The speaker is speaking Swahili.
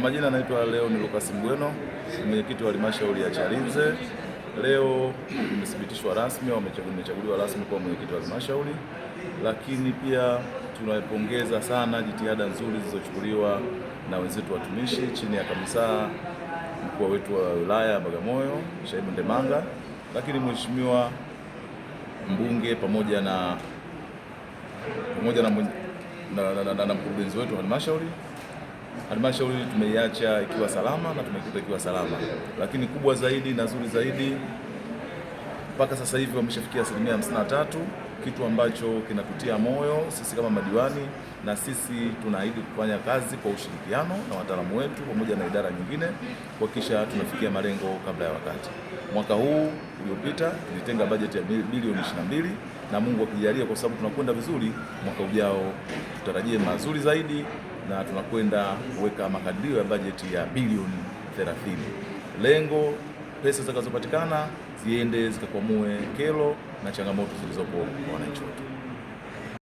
Kwa majina anaitwa leo ni Lucas Mbweno, mwenyekiti wa halmashauri ya Chalinze. Leo imethibitishwa rasmi au nimechaguliwa rasmi kuwa mwenyekiti wa halmashauri, lakini pia tunapongeza sana jitihada nzuri zilizochukuliwa na wenzetu watumishi chini ya kamisaa mkuu wetu wa wilaya ya Bagamoyo Shaibu Ndemanga, lakini mheshimiwa mbunge pamoja na pamoja na, na, na, na, na mkurugenzi wetu wa halmashauri halmashauri tumeiacha ikiwa salama na tumeikuta ikiwa salama, lakini kubwa zaidi na zuri zaidi mpaka sasa hivi wameshafikia asilimia hamsini na tatu, kitu ambacho kinatutia moyo sisi kama madiwani, na sisi tunaahidi kufanya kazi kwa ushirikiano na wataalamu wetu pamoja na idara nyingine kuhakikisha tunafikia malengo kabla ya wakati. Mwaka huu uliopita tulitenga bajeti ya bilioni mbili na Mungu akijalia, kwa sababu tunakwenda vizuri, mwaka ujao tutarajie mazuri zaidi na tunakwenda kuweka makadirio ya bajeti ya bilioni 30. Lengo pesa zitakazopatikana ziende zikakwamue kero na changamoto zilizopo kwa wananchi wetu.